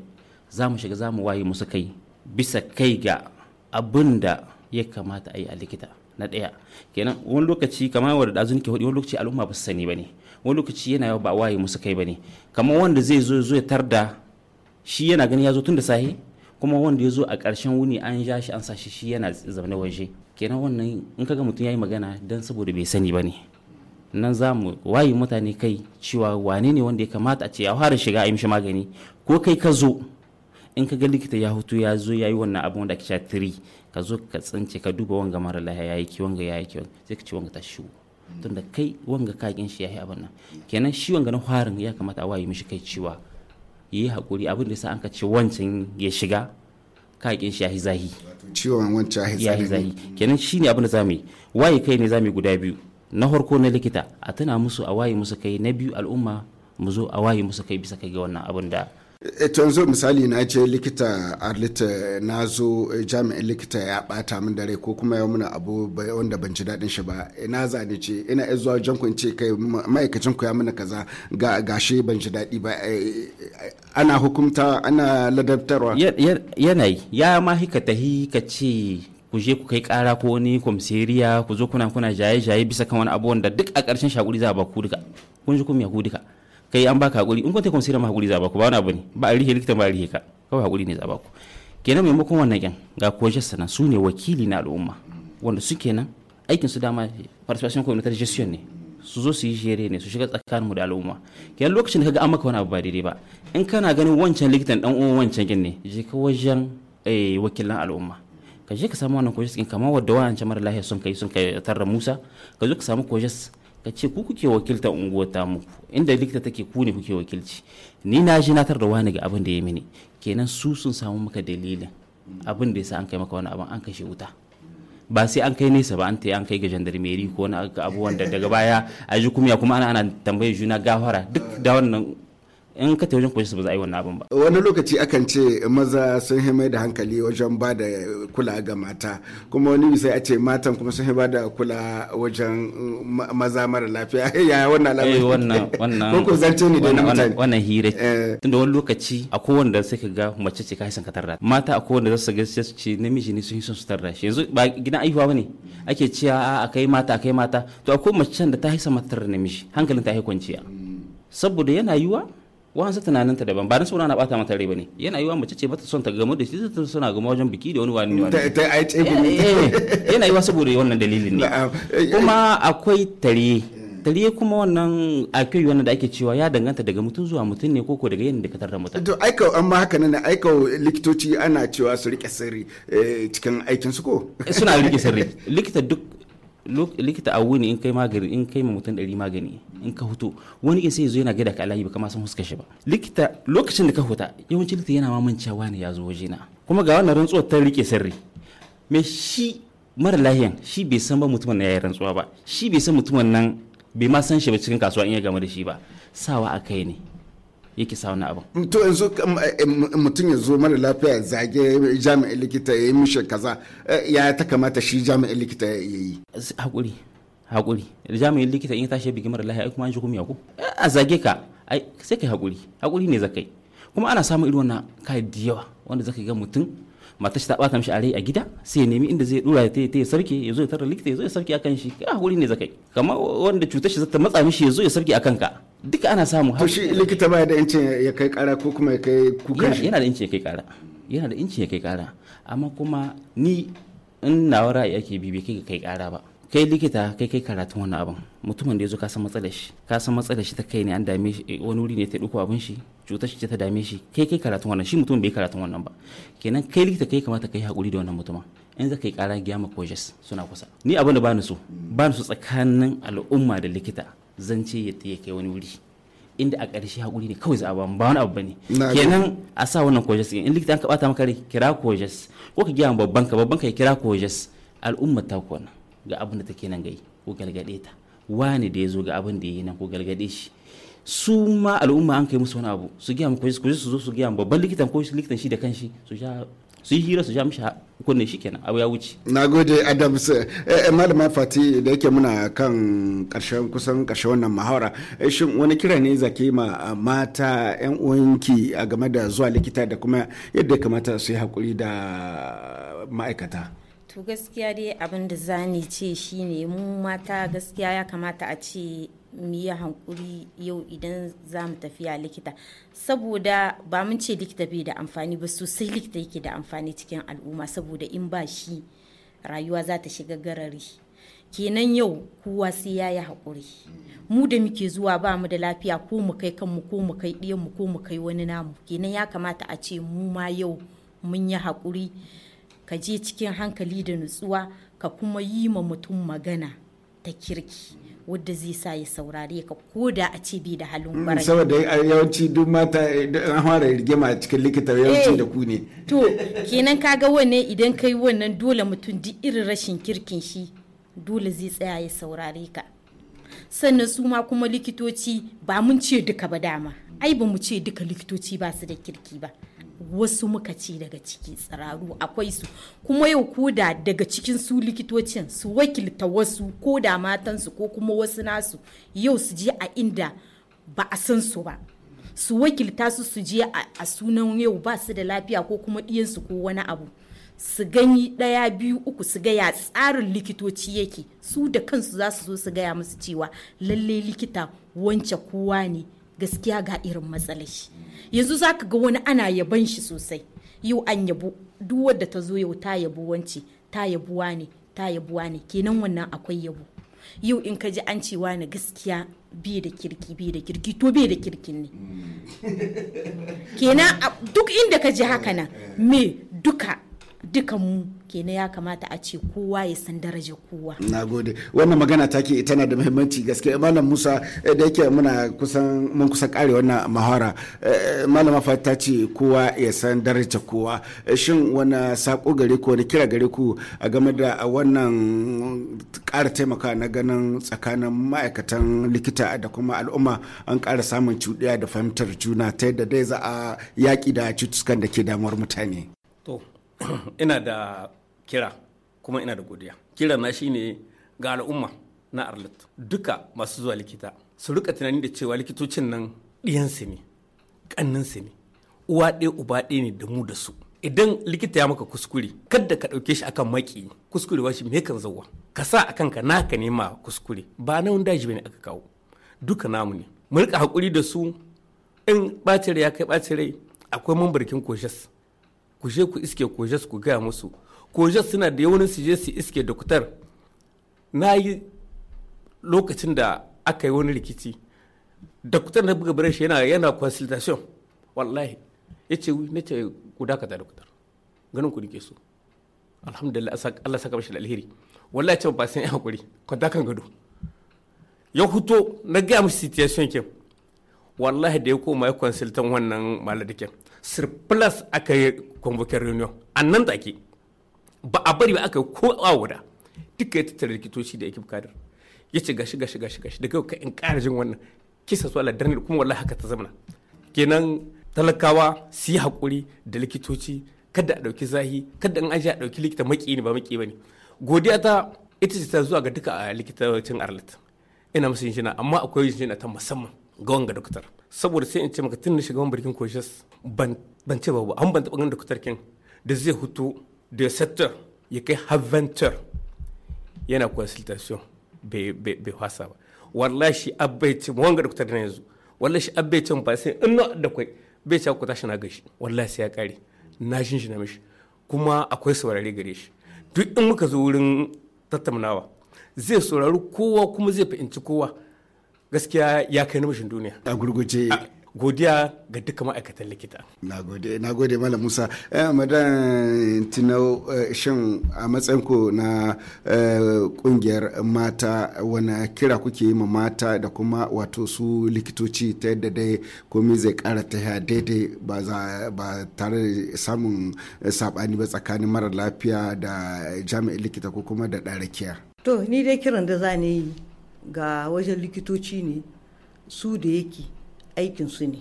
za mu shiga za mu waye musu kai bisa kai ga abin da ya kamata a yi a likita na ɗaya kenan wani lokaci kamar wanda ɗazu ke hudu wani lokaci al'umma ba su sani ba ne wani lokaci yana yawa ba waye musu kai ba ne kamar wanda zai zo zo ya tarda shi yana gani ya zo tun da sahi kuma wanda ya zo a ƙarshen wuni an ja shi an sa shi shi yana zaune waje kenan wannan in kaga mutum ya yi magana don saboda bai sani ba ne nan za mu waye mutane kai cewa wane ne wanda ya kamata a ce a fara shiga a yi mishi magani ko kai ka zo in ka ga likita ya hutu ya zo ya yi wannan abin wanda ake cewa tiri ka zo ka tsince ka duba wanga mara lahiya ya yi ki wanga ya yi ki sai ka ci wanga ta shigo da kai wanga ka kakin shi ya yi abin nan kenan shi wanga na harin ya kamata a waye mishi kai cewa ya yi hakuri abin da sa an ka ce wancan ya shiga kakin shi ya yi zahi ciwon wancan ya yi zahi kenan shi ne abin da zamu yi waye kai ne zamu yi guda biyu na farko na likita a tana musu a waye musu kai na biyu al'umma mu zo a waye musu kai bisa kai ga wannan abin da Eh, to yanzu misali na je likita arlita na zo eh, jami'in likita ya bata min dare ko kuma yau muna abu wanda ban ji daɗin shi ba ina eh, zane ce ina iya zuwa wajen kun ce kai ma'aikacin ku ya mana kaza ga gashi ban ji daɗi ba ana hukumta ana ladabtarwa yanayi ya ma hika tahi ka ce ku je ku kai kara ko wani kwamseriya ku zo kuna kuna jaye jaye bisa kan wani abu wanda duk a ƙarshen shaguri za a ba ku duka kun ji kun ya ku duka kai an baka hakuri in kunta consider ma hakuri za ba ku ba wani abu ne ba a rihe likita ba a ka kawai hakuri ne za ba ku kenan maimakon wannan yan ga jasta sana su ne wakili na al'umma wanda su kenan aikin su dama participation communitaire gestion ne su zo su yi jere ne su shiga tsakaninmu da al'umma kenan lokacin da kaga an maka wani abu ba daidai ba in kana ganin wancan likitan dan uwan wancan kin ne je ka wajen eh, wakilan al'umma ka je ka samu wannan kojes din kamar wadda wancan mara lahiya sun kai sun kai tarra Musa ka zo ka samu kojes ka ce ku kuke wakilta unguwar ta muku inda likita take ku ne kuke wakilci ni na ji natar da wani ga abin da ya mini kenan su sun samu maka dalilin abin da yasa an kai maka wani abin an kashe wuta ba sai an kai nesa ba an ta an kai ga gendarmerie ko wani abubuwan daga baya a ji kuma kuma ana ana tambayar juna gafara duk da wannan in ka wajen koshi ba za a yi wannan abin ba wani lokaci akan ce maza sun hima da hankali wajen ba da kula ga mata kuma wani sai a ce matan kuma sun hima da kula wajen maza mara lafiya ya wannan eh, labarin wannan wannan ko zance ne da mutane wannan hira eh. tunda wani lokaci a kowanne da sai ka ga mace ce kai san ka tarra mata a kowanne da su ga sai su ce namiji ne sun yi sun su tarra shi yanzu ba gidan aihuwa bane ake cewa a kai mata a kai mata to akwai mace da ta haisa matar namiji hankalin ta haikwanciya hmm. saboda yana yiwa wahansu tunaninta daban ba na sauran na bata mata rai bane yana yiwa mace ce bata son ta gamo da shi ta suna gamo wajen biki da wani wani ne wani ta ai ce eh, eh, eh. yana yiwa saboda wannan dalilin ne kuma akwai tare tare kuma wannan akwai wannan da ake cewa ya danganta daga mutum zuwa mutum ne koko daga yadda ka tarra mutum to aika an ma haka nan aika likitoci ana cewa su rike sirri cikin aikin su ko suna rike sirri likita duk likita a wuni in kai magani in kai mutum ɗari magani in ka huto wani in sai ya zo yana gaida ka alayi ba kama san huska shi ba likita lokacin da ka huta yawanci likita yana mamancewa ne ya zo waje na kuma ga wannan rantsuwa ta rike sirri me shi mara lahiyan shi bai san ba mutumin nan yi rantsuwa ba shi bai san mutumin nan bai ma san shi ba cikin kasuwa in ya gama da shi ba sawa a kai ne yake sa wani abin. Mm, to yanzu eh, eh, eh, mutum ya zo mara lafiya zage jami'in likita ya yi mishi kaza ya ta kamata shi jami'in likita ya yi. hakuri hakuri jami'in likita in ya tashi ya bigi mara lafiya kuma an shi kuma ko a zage ka sai kai hakuri hakuri ne zakai kuma ana samun irin wannan kai da yawa wanda zaka ga mutum matar ta bata mishi are a gida sai ya nemi inda zai dura ta ya sarke ya zo ya tara likita ya zo ya sarki akan shi kai hakuri ne zakai kamar wanda cutar shi zata matsa mishi ya zo ya sarki akan ka duka ana samu to shi likita baya da inci ya kai kara ko kuma ya kai kukan shi yana da inci ya kai kara yana da inci ya kai kara amma kuma ni in nawa ra'ayi ake bi bai kai kai kara ba kai likita kai kai karatun wani abin mutumin da ya zo ka san matsalar shi ka san matsalar shi ta kai ne an dame shi wani wuri ne ta duku abin shi cutar shi ta dame shi kai kai karatun wannan shi mutumin bai karatun wannan ba kenan kai likita kai kamata kai hakuri da wannan mutumin in zaka yi kara giya ma kojes suna kusa ni abin da bani so bani so tsakanin al'umma da likita zance ya kai wani wuri inda a ƙarshe haƙuri ne kawai za ba wani abu bane kenan a sa wannan kojas in likita an ka bata maka rai kira kojas ko ka gaya babban ka babban ka kira kojas al'umma ta kona ga abin da take nan gai ko galgade ta wani da ya zo ga abin da yayi nan ko galgade shi su ma al'umma an kai musu wani abu su gaya kojas kojas su zo su gaya babban likitan ko likitan shi da kanshi su ja su hira su ja mishi kunne shi kenan abu ya wuce na gode adams eh, eh, malama fati da yake muna kan karshen kusan karshen wannan muhawara eh, shin wani kira ne zake ma ah, mata yan uwanki a game da zuwa likita da kuma yadda kamata su yi hakuri da ma'aikata to gaskiya dai abin da zani ce shine mu mata gaskiya ya kamata a ce mu yi hankuri yau idan za mu tafiya likita saboda ba mun ce likita bai da amfani ba sosai likita yake da amfani cikin al'umma saboda in ba shi rayuwa za ta shiga garari kenan yau kowa sai ya yi haƙuri mu da muke zuwa ba mu da lafiya ko mu kai kanmu ko mu kai ɗiyanmu ko mu kai wani namu kenan ya kamata a ce mu ma yau mun yi haƙuri ka je cikin hankali da nutsuwa ka kuma yi ma mutum magana ta kirki wadda zai sa ya saurare ka ko da a ce bai da halin mm, kwarai saboda yawanci duk mata an fara rigima a cikin likita yawanci eh, da ku ne to kenan ka ga wannan idan kai wannan dole mutum duk irin rashin kirkin shi dole zai tsaya ya saurare ka sannan su ma kuma likitoci ba mun ce duka ba dama ai ba mu ce duka likitoci ba su da kirki ba wasu muka ci daga ciki tsiraru akwai su kuma yau koda daga cikin su likitocin su wakilta wasu ko da matansu ko kuma wasu nasu yau su je a inda ba a san su ba su wakilta su su je a sunan yau ba su da lafiya ko kuma ɗiyansu ko wani abu su gani ɗaya biyu uku su gaya tsarin likitoci yake su da kansu za su zo su gaya musu cewa lallai likita wance kowa ne gaskiya ga irin matsalashi. yanzu za ka ga wani ana yaban shi sosai yau an yabu duk wadda ta zo yau ta yabu wance ta yabuwa ne ta yabuwa ne kenan wannan akwai yabo yau in ka ji an cewa na gaskiya bi da kirki bi da kirki to bi da kirkin ne hmm. kenan duk inda ka ji haka nan me duka dukan mu kenan ya kamata a ce kowa ya san daraja kowa na gode wannan magana ta ke tana da muhimmanci gaske malam musa eh, da yake muna kusan mun kusa kare wannan mahara eh, malama ta ce kowa ya san daraja kowa eh, shin wani sako gare ku wani kira gare ku a game da wannan ƙara taimaka na ganin tsakanin ma'aikatan likita da kuma al'umma an kara samun cuɗiya da fahimtar juna ta yadda dai za a yaƙi da cututtukan da ke damuwar mutane ina da kira kuma ina da godiya kira na shine ga al'umma na arlot duka masu zuwa likita su rika tunani da cewa likitocin nan ɗiyansu ne ƙanninsu ne uwa ɗaya uba ɗaya ne da mu da su idan likita ya maka kuskure kadda ka ɗauke shi akan maki kuskure shi me kan zauwa ka sa a kanka naka ne ma kuskure ba na wanda daji bane aka kawo duka namu ne mu rika hakuri da su in ɓacin ya kai ɓacin rai akwai mambarkin koshes ku je ku iske kojes ku gaya musu kojes suna da yawanin su je su iske doktor na yi lokacin da aka yi wani rikici doktor na buga bare shi yana yana consultation wallahi yace na ce ku dakata doktor ganin ku rike so alhamdulillah Allah saka mashi da alheri wallahi ce ba sai hakuri da kan gado ya huto na gaya mishi situation kin wallahi da ya koma ya consultant wannan maladikin surplus aka yi convocation reunion annan take ba a bari ba aka ko a wada duka ya da likitoci da ekip kadar ya ce gashi gashi gashi gashi daga ka in ƙara jin wannan kisa su aladar kuma wallahi haka ta zamana kenan talakawa su yi haƙuri da likitoci kada a ɗauki zahi kada an aji a ɗauki likita maƙi ne ba maƙi ba ne godiya ta ita ce ta zuwa ga duka a likitocin arlet ina musu yin amma akwai yin ta musamman ga wanga doktor saboda sai in ce maka tun na shiga wani birkin ban ce babu an ban taɓa ganin doktor kin da zai hutu da sector ya kai haventer yana consultation bai hasa ba wallahi shi abbai ce wanga doktor na yanzu wallahi shi abbai ce ba sai in da kwai bai ce ku tashi na gashi wallahi sai ya kare na shin shi na mishi kuma akwai saurare gare shi duk in muka zo wurin tattaunawa zai saurari kowa kuma zai fahimci kowa gaskiya ya kai mashin duniya a gurguje godiya ga duka ma'aikatan likita. Na gode, Malam Musa. Eh, Madan eh, shin a matsayin ku na kungiyar eh, mata wani kira kuke yi ma mata da kuma wato su likitoci ta yadda dai komai zai kara ta daidai ba tare da samun sabani ba tsakanin mara lafiya da jami'in likita ko kuma da ɗarakiya. To, ni dai kiran da za ni yi. ga wajen likitoci ne su da yake aikinsu ne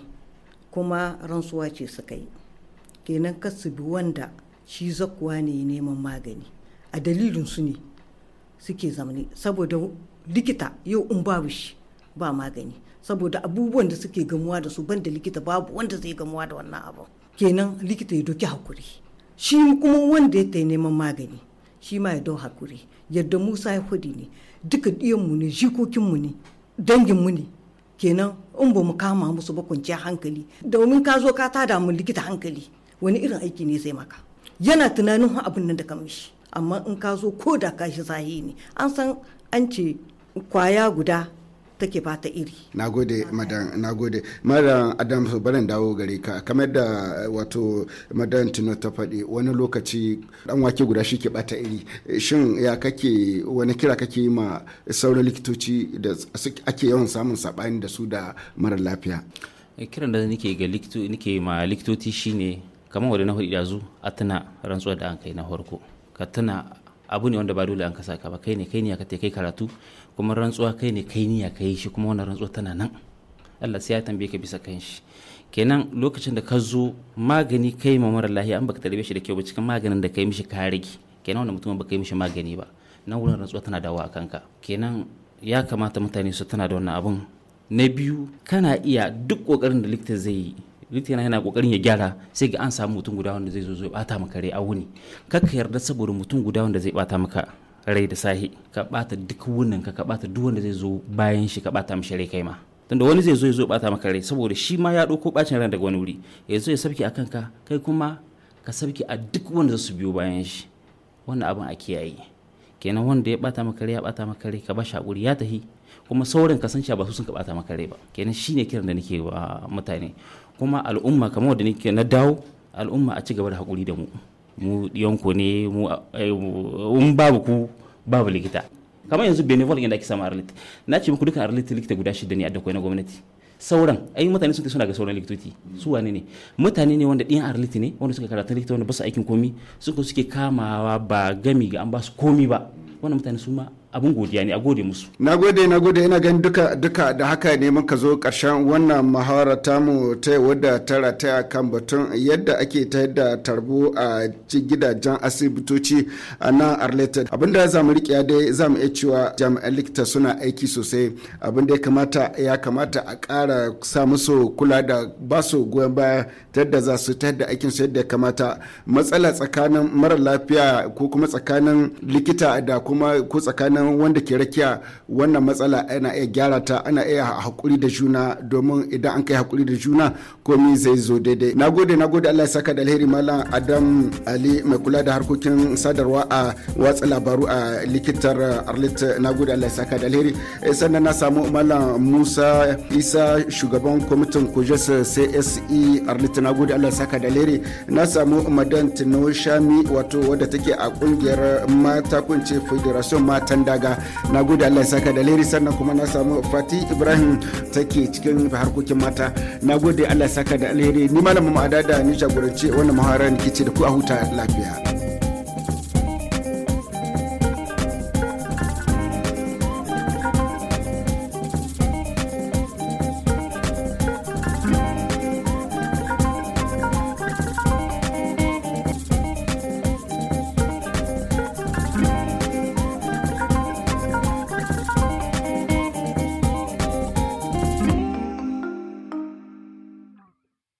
kuma rantsuwa ce suka yi kenan kasu bi wanda shi zakuwa ne neman magani a dalilin su ne suke zamani saboda likita yau in babu shi ba magani saboda abubuwan da suke gamuwa da su banda likita babu wanda zai gamuwa da wannan abu kenan likita ya doki hakuri shi kuma wanda ya neman magani shi ma ya dau hakuri yadda musa ya hudi ne duka mu ne jikokinmu ne danginmu ne kenan in ba mu kama musu ba kwanciyar hankali domin ka zo ka tada mu likita hankali wani irin aiki ne zai maka yana tunanin abun nan da ka mishi amma in ka zo ko da ka shi ne an san an ce kwaya guda take bata iri. Nagode madan nagode madan Adams barin dawo gare ka kamar da wato madan Tino ta faɗi wani lokaci dan wake guda shi ke bata iri shin ya kake wani kira kake yi ma sauran likitoci da ake yawan samun sabani da su da mara lafiya. Eh, kiran da nike ga nake ma likitoci shine kamar wani na hudu zu a tana rantsuwa da an kai na farko ka tana abu ne wanda ba dole an kasa ka ba kai ne kai ne ka kai karatu kuma rantsuwa kai ne kai niyya kai shi kuma wannan rantsuwa tana nan Allah sai ya tambaye ka bisa kan shi kenan lokacin da ka zo magani kai ma mara lahiya an baka tarbe shi da kyau ba cikin maganin da kai mishi ka rage kenan wannan mutumin baka yi mishi magani ba nan wurin rantsuwa tana dawo a kanka kenan ya kamata mutane su tana da wannan abun na biyu kana iya duk kokarin da likita zai yi likita yana kokarin ya gyara sai ga an samu mutum guda wanda zai zo zai bata maka rai a wuni kakka yarda saboda mutum guda wanda zai bata maka rai da sahi ka bata duk wannan ka bata duk wanda zai zo bayan shi ka bata mishi rai kai ma tunda wani zai zo ya zo bata maka rai saboda shi ma ya dauko bacin ran daga wani wuri ya zo ya sabki akan ka kai kuma ka sabki a duk wanda su biyo bayan shi wannan abin a kiyaye kenan wanda ya bata maka rai ya bata maka rai ka ba ya tahi kuma sauran ka san ba su sun ka bata maka rai ba kenan shine kiran da nake wa mutane kuma al'umma kamar wanda nake na dawo al'umma a ci gaba da hakuri da mu mu yanko ne eh, mu in babu ku babu likita kamar yanzu benevol inda ake samu arlit na ce muku duka arlit likita guda shida ne a dakwai na gwamnati sauran ai mutane sun suna ga sauran likitoci su wane ne mutane ne wanda ɗiyan arlit ne wanda suka karatu likita wanda ba su aikin komi suka suke kamawa ba gami ga an ba su komi ba wannan mutane su ma abin godiya ne a gode musu na gode na gode ina ganin duka duka da haka ne muka zo karshen wannan muhawara mu ta wadda ta rataya kan batun yadda ake ta yadda tarbo a gidajen asibitoci a nan arleta da za mu riƙe dai za mu iya cewa jami'an likita suna aiki sosai abinda ya kamata ya kamata a ƙara sa musu kula da ba su goyon baya ta yadda za su ta yadda aikin su yadda ya kamata matsala tsakanin mara lafiya ko kuma tsakanin likita da kuma kuma ko tsakanin wanda ke rakiya wannan matsala ana iya gyara ta ana iya hakuri da juna domin idan an kai hakuri da juna komi zai zo daidai nagode nagode Allah ya saka da alheri malam Adam Ali mai kula da harkokin sadarwa a watsa labaru a likitar Arlit nagode Allah ya saka da alheri eh, sannan na samu malam Musa Isa shugaban kwamitin Kujas CSE Arlit nagode Allah ya saka da alheri na samu Madan Tino Shami wato wadda take a kungiyar mata kunce federation matan daga na gode allah ya saka da leri sannan kuma na samu fati ibrahim take cikin harkokin mata na gode allah ya saka da alheri ni malamin ma'ada da ni jagoranci wannan muhara ke ce da ku a huta lafiya.